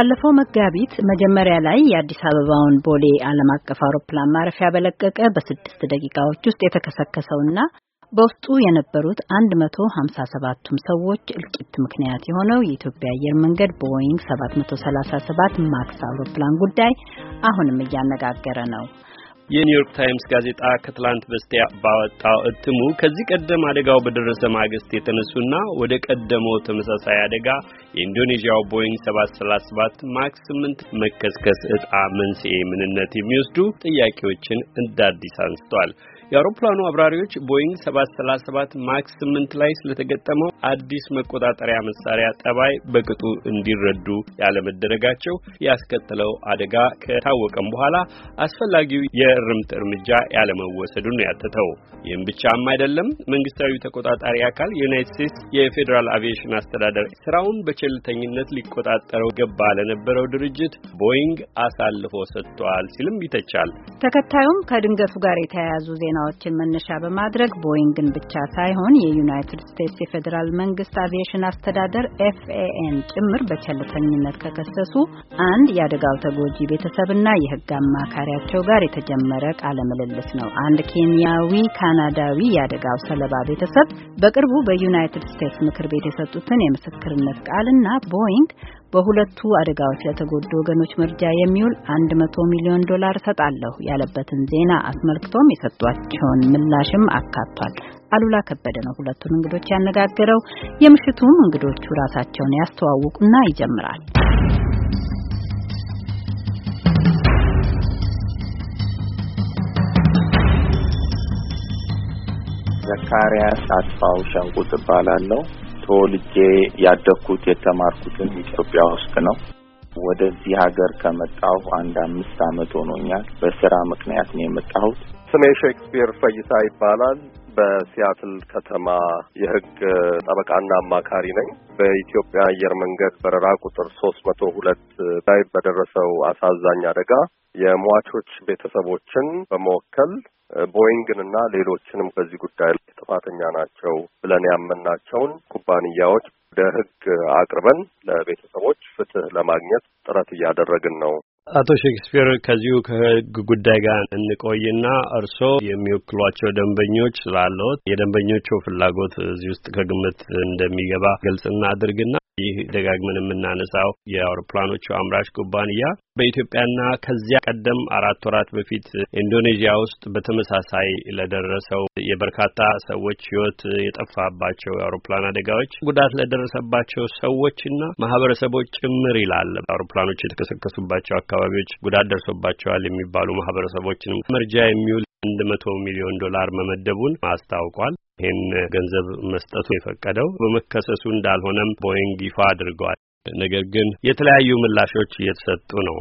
ባለፈው መጋቢት መጀመሪያ ላይ የአዲስ አበባውን ቦሌ ዓለም አቀፍ አውሮፕላን ማረፊያ በለቀቀ በስድስት ደቂቃዎች ውስጥ የተከሰከሰውና በውስጡ የነበሩት መቶ ሀምሳ ሰባቱም ሰዎች እልቂት ምክንያት የሆነው የኢትዮጵያ አየር መንገድ ቦይንግ ሰባት ማክስ አውሮፕላን ጉዳይ አሁንም እያነጋገረ ነው። የኒውዮርክ ታይምስ ጋዜጣ ከትላንት በስቲያ ባወጣው እትሙ ከዚህ ቀደም አደጋው በደረሰ ማግስት የተነሱና ወደ ቀደመው ተመሳሳይ አደጋ የኢንዶኔዥያው ቦይንግ 737 ማክስ 8 መከስከስ ዕጣ መንስኤ ምንነት የሚወስዱ ጥያቄዎችን እንደ አዲስ አንስቷል። የአውሮፕላኑ አብራሪዎች ቦይንግ 737 ማክስ 8 ላይ ስለተገጠመው አዲስ መቆጣጠሪያ መሳሪያ ጠባይ በቅጡ እንዲረዱ ያለመደረጋቸው ያስከተለው አደጋ ከታወቀም በኋላ አስፈላጊው የእርምት እርምጃ ያለመወሰዱን ነው ያተተው። ይህም ብቻም አይደለም። መንግስታዊ ተቆጣጣሪ አካል የዩናይትድ ስቴትስ የፌዴራል አቪዬሽን አስተዳደር ስራውን በቸልተኝነት ሊቆጣጠረው ገባ ለነበረው ድርጅት ቦይንግ አሳልፎ ሰጥቷል ሲልም ይተቻል። ተከታዩም ከድንገቱ ጋር የተያያዙ ዜና ዜናዎችን መነሻ በማድረግ ቦይንግን ብቻ ሳይሆን የዩናይትድ ስቴትስ የፌዴራል መንግስት አቪዬሽን አስተዳደር ኤፍኤኤን ጭምር በቸልተኝነት ከከሰሱ አንድ የአደጋው ተጎጂ ቤተሰብና የህግ አማካሪያቸው ጋር የተጀመረ ቃለ ምልልስ ነው። አንድ ኬንያዊ ካናዳዊ የአደጋው ሰለባ ቤተሰብ በቅርቡ በዩናይትድ ስቴትስ ምክር ቤት የሰጡትን የምስክርነት ቃልና ቦይንግ በሁለቱ አደጋዎች ለተጎዱ ወገኖች መርጃ የሚውል 100 ሚሊዮን ዶላር ሰጣለሁ ያለበትን ዜና አስመልክቶም የሰጧቸውን ምላሽም አካቷል። አሉላ ከበደ ነው ሁለቱን እንግዶች ያነጋገረው። የምሽቱም እንግዶቹ ራሳቸውን ያስተዋውቁና ይጀምራል። ዘካሪያስ አጥፋው ሸንቁ እባላለሁ። ተወልጄ ያደግኩት የተማርኩትን ኢትዮጵያ ውስጥ ነው። ወደዚህ ሀገር ከመጣሁ አንድ አምስት አመት ሆኖኛል። በስራ ምክንያት ነው የመጣሁት። ስሜ ሼክስፒር ፈይታ ይባላል። በሲያትል ከተማ የህግ ጠበቃና አማካሪ ነኝ። በኢትዮጵያ አየር መንገድ በረራ ቁጥር ሶስት መቶ ሁለት ላይ በደረሰው አሳዛኝ አደጋ የሟቾች ቤተሰቦችን በመወከል ቦይንግንና ሌሎችንም በዚህ ጉዳይ ላይ ጥፋተኛ ናቸው ብለን ያመናቸውን ኩባንያዎች ወደ ሕግ አቅርበን ለቤተሰቦች ፍትህ ለማግኘት ጥረት እያደረግን ነው። አቶ ሼክስፒር ከዚሁ ከህግ ጉዳይ ጋር እንቆይና እርስዎ የሚወክሏቸው ደንበኞች ስላለዎት የደንበኞቹ ፍላጎት እዚህ ውስጥ ከግምት እንደሚገባ ግልጽና አድርግና ይህ ደጋግመን የምናነሳው የአውሮፕላኖቹ አምራች ኩባንያ በኢትዮጵያና ከዚያ ቀደም አራት ወራት በፊት ኢንዶኔዥያ ውስጥ በተመሳሳይ ለደረሰው የበርካታ ሰዎች ሕይወት የጠፋባቸው የአውሮፕላን አደጋዎች ጉዳት ለደረሰባቸው ሰዎችና ማህበረሰቦች ጭምር ይላል። አውሮፕላኖች የተከሰከሱባቸው አካባቢዎች ጉዳት ደርሶባቸዋል የሚባሉ ማህበረሰቦችንም መርጃ የሚውል አንድ መቶ ሚሊዮን ዶላር መመደቡን አስታውቋል። ይህን ገንዘብ መስጠቱ የፈቀደው በመከሰሱ እንዳልሆነም ቦይንግ ይፋ አድርገዋል ነገር ግን የተለያዩ ምላሾች እየተሰጡ ነው።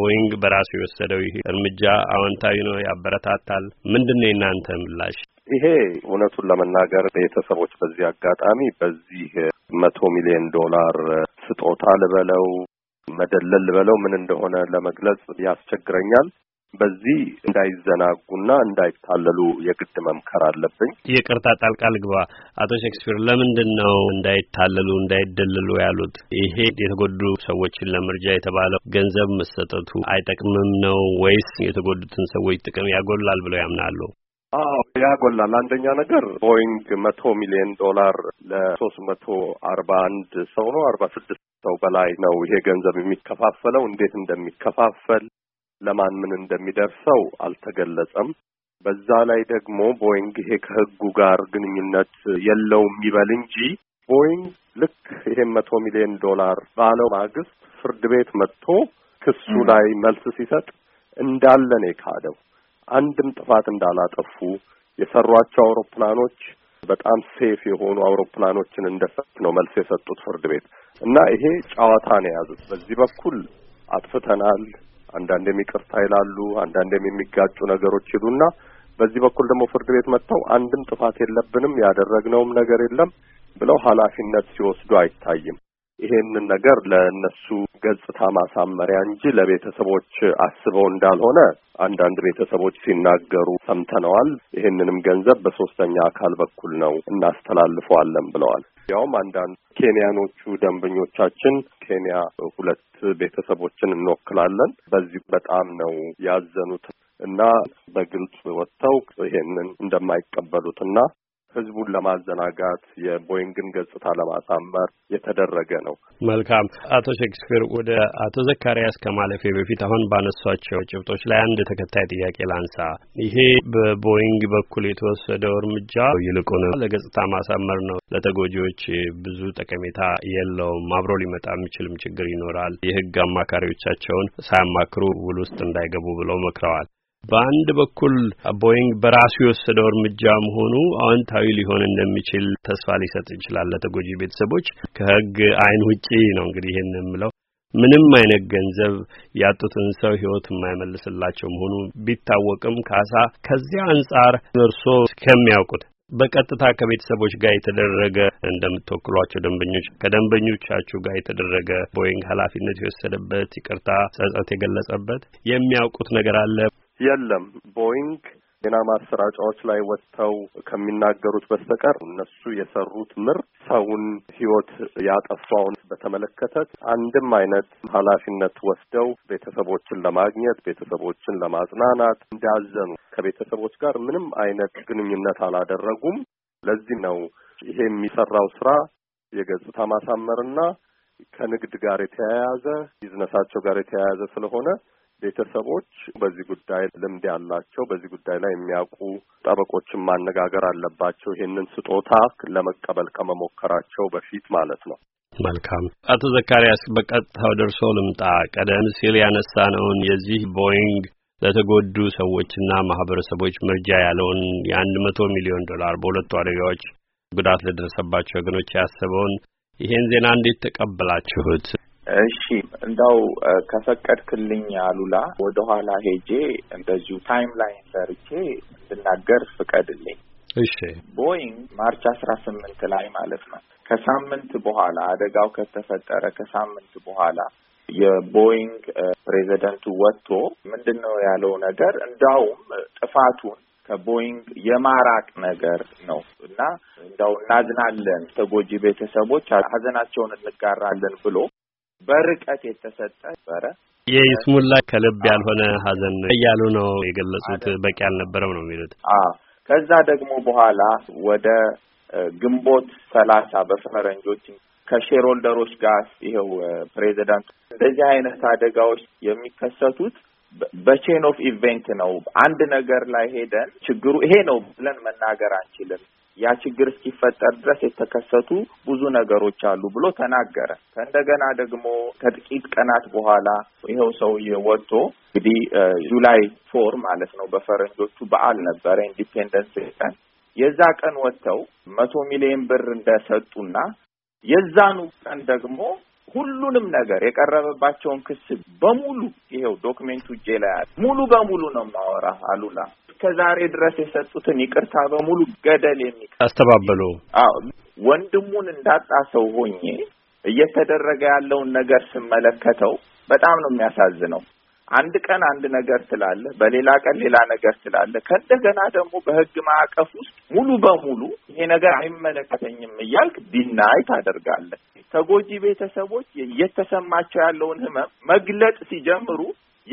ቦይንግ በራሱ የወሰደው ይህ እርምጃ አዎንታዊ ነው፣ ያበረታታል። ምንድን ነው የእናንተ ምላሽ? ይሄ እውነቱን ለመናገር ቤተሰቦች በዚህ አጋጣሚ በዚህ መቶ ሚሊዮን ዶላር ስጦታ ልበለው መደለል ልበለው ምን እንደሆነ ለመግለጽ ያስቸግረኛል። በዚህ እንዳይዘናጉና እንዳይታለሉ የግድ መምከር አለብኝ። ይቅርታ ጣልቃ ልግባ። አቶ ሼክስፒር ለምንድን ነው እንዳይታለሉ እንዳይደለሉ ያሉት? ይሄ የተጎዱ ሰዎችን ለመርጃ የተባለው ገንዘብ መሰጠቱ አይጠቅምም ነው ወይስ የተጎዱትን ሰዎች ጥቅም ያጎላል ብለው ያምናሉ? አዎ ያጎላል። አንደኛ ነገር ቦይንግ መቶ ሚሊዮን ዶላር ለሶስት መቶ አርባ አንድ ሰው ነው አርባ ስድስት ሰው በላይ ነው ይሄ ገንዘብ የሚከፋፈለው እንዴት እንደሚከፋፈል ለማን ምን እንደሚደርሰው አልተገለጸም። በዛ ላይ ደግሞ ቦይንግ ይሄ ከህጉ ጋር ግንኙነት የለውም ይበል እንጂ ቦይንግ ልክ ይሄን መቶ ሚሊዮን ዶላር ባለው ማግስት ፍርድ ቤት መጥቶ ክሱ ላይ መልስ ሲሰጥ እንዳለ ነው የካደው። አንድም ጥፋት እንዳላጠፉ የሰሯቸው አውሮፕላኖች በጣም ሴፍ የሆኑ አውሮፕላኖችን እንደሰሩ ነው መልስ የሰጡት ፍርድ ቤት እና ይሄ ጨዋታ ነው የያዙት። በዚህ በኩል አጥፍተናል አንዳንዴም ይቅርታ ይላሉ፣ አንዳንዴም የሚጋጩ ነገሮች ይሉና በዚህ በኩል ደግሞ ፍርድ ቤት መጥተው አንድም ጥፋት የለብንም ያደረግነውም ነገር የለም ብለው ኃላፊነት ሲወስዱ አይታይም። ይሄንን ነገር ለእነሱ ገጽታ ማሳመሪያ እንጂ ለቤተሰቦች አስበው እንዳልሆነ አንዳንድ ቤተሰቦች ሲናገሩ ሰምተነዋል። ይሄንንም ገንዘብ በሶስተኛ አካል በኩል ነው እናስተላልፈዋለን ብለዋል። ያውም አንዳንድ ኬንያኖቹ ደንበኞቻችን ኬንያ ሁለት ቤተሰቦችን እንወክላለን። በዚህ በጣም ነው ያዘኑት እና በግልጽ ወጥተው ይሄንን እንደማይቀበሉትና ህዝቡን ለማዘናጋት የቦይንግን ገጽታ ለማሳመር የተደረገ ነው። መልካም አቶ ሼክስፒር፣ ወደ አቶ ዘካሪያስ ከማለፌ በፊት አሁን ባነሷቸው ጭብጦች ላይ አንድ ተከታይ ጥያቄ ላንሳ። ይሄ በቦይንግ በኩል የተወሰደው እርምጃ ይልቁን ለገጽታ ማሳመር ነው፣ ለተጎጂዎች ብዙ ጠቀሜታ የለውም፣ አብሮ ሊመጣ የሚችልም ችግር ይኖራል፣ የህግ አማካሪዎቻቸውን ሳያማክሩ ውል ውስጥ እንዳይገቡ ብለው መክረዋል። በአንድ በኩል ቦይንግ በራሱ የወሰደው እርምጃ መሆኑ አዎንታዊ ሊሆን እንደሚችል ተስፋ ሊሰጥ ይችላል ለተጎጂ ቤተሰቦች። ከህግ አይን ውጪ ነው እንግዲህ ይህን የምለው ምንም አይነት ገንዘብ ያጡትን ሰው ህይወት የማይመልስላቸው መሆኑ ቢታወቅም ካሳ ከዚያ አንጻር እርሶ ከሚያውቁት በቀጥታ ከቤተሰቦች ጋር የተደረገ እንደምትወክሏቸው ደንበኞች ከደንበኞቻችሁ ጋር የተደረገ ቦይንግ ኃላፊነት የወሰደበት ይቅርታ ጸጸት የገለጸበት የሚያውቁት ነገር አለ? የለም ቦይንግ ዜና ማሰራጫዎች ላይ ወጥተው ከሚናገሩት በስተቀር እነሱ የሰሩት ምር ሰውን ሕይወት ያጠፋውን በተመለከተ አንድም አይነት ኃላፊነት ወስደው ቤተሰቦችን ለማግኘት ቤተሰቦችን ለማጽናናት እንዳዘኑ ከቤተሰቦች ጋር ምንም አይነት ግንኙነት አላደረጉም። ለዚህ ነው ይሄ የሚሰራው ስራ የገጽታ ማሳመርና ከንግድ ጋር የተያያዘ ቢዝነሳቸው ጋር የተያያዘ ስለሆነ ቤተሰቦች በዚህ ጉዳይ ልምድ ያላቸው በዚህ ጉዳይ ላይ የሚያውቁ ጠበቆችን ማነጋገር አለባቸው። ይህንን ስጦታ ለመቀበል ከመሞከራቸው በፊት ማለት ነው። መልካም አቶ ዘካርያስ በቀጥታው ደርሶ ልምጣ። ቀደም ሲል ያነሳነውን የዚህ ቦይንግ ለተጎዱ ሰዎችና ማህበረሰቦች መርጃ ያለውን የአንድ መቶ ሚሊዮን ዶላር በሁለቱ አደጋዎች ጉዳት ለደረሰባቸው ወገኖች ያሰበውን ይሄን ዜና እንዴት ተቀበላችሁት? እሺ እንዳው ከፈቀድክልኝ አሉላ ወደ ኋላ ሄጄ እንደዚሁ ታይም ላይን ሰርቼ እንድናገር ፍቀድልኝ። እሺ ቦይንግ ማርች አስራ ስምንት ላይ ማለት ነው ከሳምንት በኋላ አደጋው ከተፈጠረ ከሳምንት በኋላ የቦይንግ ፕሬዚደንቱ ወጥቶ ምንድን ነው ያለው ነገር እንዳውም ጥፋቱን ከቦይንግ የማራቅ ነገር ነው እና እንዳው እናዝናለን፣ ተጎጂ ቤተሰቦች ሀዘናቸውን እንጋራለን ብሎ በርቀት የተሰጠ ነበረ። የይስሙላ ከልብ ያልሆነ ሀዘን እያሉ ነው የገለጹት። በቂ አልነበረም ነው የሚሉት። አዎ ከዛ ደግሞ በኋላ ወደ ግንቦት ሰላሳ በፈረንጆች ከሼሮልደሮች ጋር ይኸው ፕሬዚዳንቱ እንደዚህ አይነት አደጋዎች የሚከሰቱት በቼን ኦፍ ኢቨንት ነው። አንድ ነገር ላይ ሄደን ችግሩ ይሄ ነው ብለን መናገር አንችልም። ያ ችግር እስኪፈጠር ድረስ የተከሰቱ ብዙ ነገሮች አሉ ብሎ ተናገረ። ከእንደገና ደግሞ ከጥቂት ቀናት በኋላ ይኸው ሰውዬ ወጥቶ እንግዲህ ጁላይ ፎር ማለት ነው በፈረንጆቹ በዓል ነበረ ኢንዲፔንደንስ ቀን። የዛ ቀን ወጥተው መቶ ሚሊዮን ብር እንደሰጡና የዛኑ ቀን ደግሞ ሁሉንም ነገር የቀረበባቸውን ክስ በሙሉ ይሄው ዶክሜንቱ እጄ ላይ አለ። ሙሉ በሙሉ ነው ማወራ አሉላ እስከዛሬ ድረስ የሰጡትን ይቅርታ በሙሉ ገደል የሚቀ አስተባበሉ። አዎ ወንድሙን እንዳጣ ሰው ሆኜ እየተደረገ ያለውን ነገር ስመለከተው በጣም ነው የሚያሳዝነው። አንድ ቀን አንድ ነገር ስላለ በሌላ ቀን ሌላ ነገር ስላለ ከእንደገና ደግሞ በህግ ማዕቀፍ ውስጥ ሙሉ በሙሉ ይሄ ነገር አይመለከተኝም እያልክ ዲናይ ታደርጋለህ። ተጎጂ ቤተሰቦች እየተሰማቸው ያለውን ህመም መግለጥ ሲጀምሩ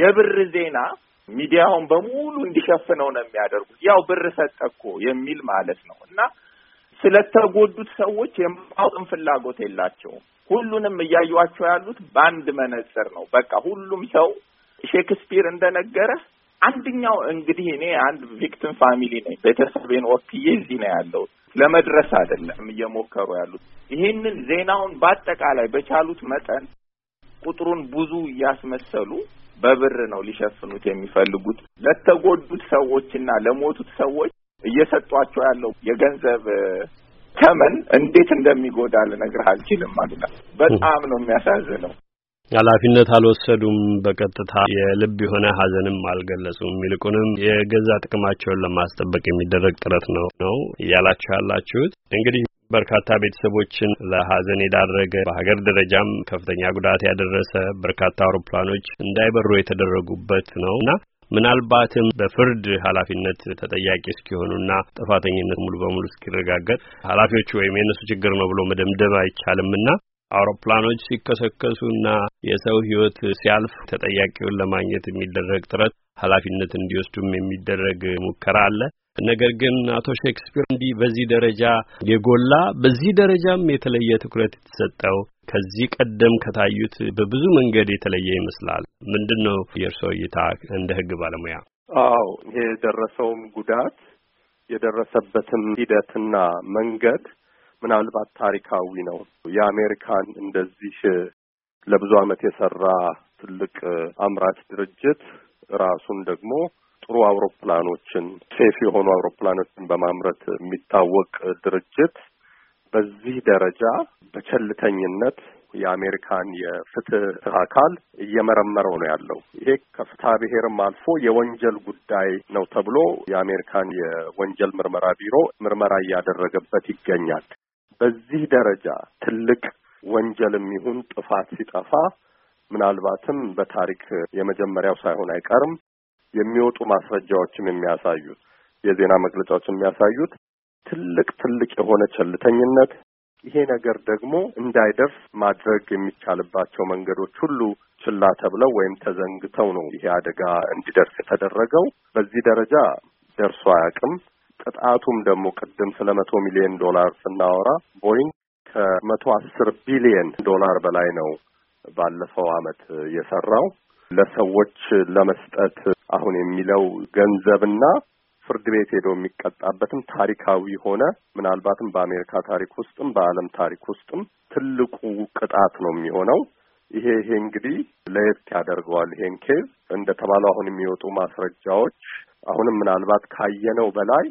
የብር ዜና ሚዲያውን በሙሉ እንዲሸፍነው ነው የሚያደርጉት። ያው ብር ሰጠ እኮ የሚል ማለት ነው እና ስለተጎዱት ሰዎች የማወቅም ፍላጎት የላቸውም። ሁሉንም እያዩዋቸው ያሉት በአንድ መነጽር ነው። በቃ ሁሉም ሰው ሼክስፒር እንደነገረ አንድኛው እንግዲህ እኔ አንድ ቪክቲም ፋሚሊ ነኝ። ቤተሰቤን ወክዬ እዚህ ነው ያለው። ለመድረስ አይደለም እየሞከሩ ያሉት። ይህንን ዜናውን በአጠቃላይ በቻሉት መጠን ቁጥሩን ብዙ እያስመሰሉ በብር ነው ሊሸፍኑት የሚፈልጉት። ለተጎዱት ሰዎችና ለሞቱት ሰዎች እየሰጧቸው ያለው የገንዘብ ተመን እንዴት እንደሚጎዳ ልነግርህ አልችልም። አሉላ በጣም ነው የሚያሳዝነው። ኃላፊነት አልወሰዱም። በቀጥታ የልብ የሆነ ሀዘንም አልገለጹም። ይልቁንም የገዛ ጥቅማቸውን ለማስጠበቅ የሚደረግ ጥረት ነው ነው እያላችሁ ያላችሁት እንግዲህ በርካታ ቤተሰቦችን ለሀዘን የዳረገ በሀገር ደረጃም ከፍተኛ ጉዳት ያደረሰ በርካታ አውሮፕላኖች እንዳይበሩ የተደረጉበት ነው እና ምናልባትም በፍርድ ኃላፊነት ተጠያቂ እስኪሆኑና ጥፋተኝነት ሙሉ በሙሉ እስኪረጋገጥ ኃላፊዎቹ ወይም የእነሱ ችግር ነው ብሎ መደምደም አይቻልምና አውሮፕላኖች ሲከሰከሱና የሰው ህይወት ሲያልፍ ተጠያቂውን ለማግኘት የሚደረግ ጥረት ኃላፊነት እንዲወስዱም የሚደረግ ሙከራ አለ። ነገር ግን አቶ ሼክስፒር እንዲህ በዚህ ደረጃ የጎላ በዚህ ደረጃም የተለየ ትኩረት የተሰጠው ከዚህ ቀደም ከታዩት በብዙ መንገድ የተለየ ይመስላል። ምንድን ነው የእርስዎ እይታ እንደ ህግ ባለሙያ? አዎ የደረሰውም ጉዳት የደረሰበትም ሂደትና መንገድ ምናልባት ታሪካዊ ነው። የአሜሪካን እንደዚህ ለብዙ ዓመት የሰራ ትልቅ አምራች ድርጅት ራሱን ደግሞ ጥሩ አውሮፕላኖችን ሴፍ የሆኑ አውሮፕላኖችን በማምረት የሚታወቅ ድርጅት በዚህ ደረጃ በቸልተኝነት የአሜሪካን የፍትህ አካል እየመረመረው ነው ያለው። ይሄ ከፍትሐ ብሔርም አልፎ የወንጀል ጉዳይ ነው ተብሎ የአሜሪካን የወንጀል ምርመራ ቢሮ ምርመራ እያደረገበት ይገኛል። በዚህ ደረጃ ትልቅ ወንጀልም ይሁን ጥፋት ሲጠፋ ምናልባትም በታሪክ የመጀመሪያው ሳይሆን አይቀርም የሚወጡ ማስረጃዎችም የሚያሳዩት የዜና መግለጫዎች የሚያሳዩት ትልቅ ትልቅ የሆነ ቸልተኝነት ይሄ ነገር ደግሞ እንዳይደርስ ማድረግ የሚቻልባቸው መንገዶች ሁሉ ችላ ተብለው ወይም ተዘንግተው ነው ይሄ አደጋ እንዲደርስ የተደረገው። በዚህ ደረጃ ደርሶ አያውቅም። ቅጣቱም ደግሞ ቅድም ስለ መቶ ሚሊዮን ዶላር ስናወራ ቦይንግ ከመቶ አስር ቢሊየን ዶላር በላይ ነው ባለፈው አመት የሰራው ለሰዎች ለመስጠት አሁን የሚለው ገንዘብና ፍርድ ቤት ሄዶ የሚቀጣበትም ታሪካዊ ሆነ ምናልባትም በአሜሪካ ታሪክ ውስጥም በዓለም ታሪክ ውስጥም ትልቁ ቅጣት ነው የሚሆነው። ይሄ ይሄ እንግዲህ ለየት ያደርገዋል ይሄን ኬዝ እንደተባለው አሁን የሚወጡ ማስረጃዎች አሁንም ምናልባት ካየነው በላይ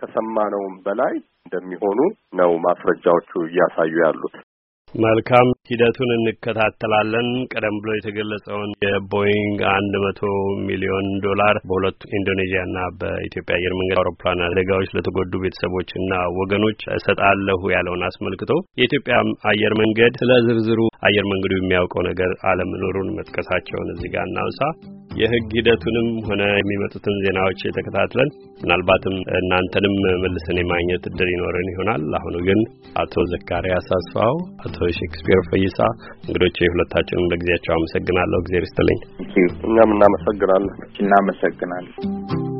ከሰማነውም በላይ እንደሚሆኑ ነው ማስረጃዎቹ እያሳዩ ያሉት። መልካም ሂደቱን እንከታተላለን። ቀደም ብሎ የተገለጸውን የቦይንግ አንድ መቶ ሚሊዮን ዶላር በሁለቱ ኢንዶኔዥያና በኢትዮጵያ አየር መንገድ አውሮፕላን አደጋዎች ለተጎዱ ቤተሰቦችና ወገኖች እሰጣለሁ ያለውን አስመልክቶ የኢትዮጵያ አየር መንገድ ስለ ዝርዝሩ አየር መንገዱ የሚያውቀው ነገር አለመኖሩን መጥቀሳቸውን እዚህ ጋር እናውሳ። የህግ ሂደቱንም ሆነ የሚመጡትን ዜናዎች ተከታትለን ምናልባትም እናንተንም መልሰን የማግኘት እድል ይኖረን ይሆናል። አሁኑ ግን አቶ ዘካሪያስ አስፋው፣ አቶ ሼክስፒር ፈይሳ እንግዶች የሁለታችንም ለጊዜያቸው አመሰግናለሁ። እግዜር ይስጥልኝ። እኛም እናመሰግናለን። እናመሰግናለን።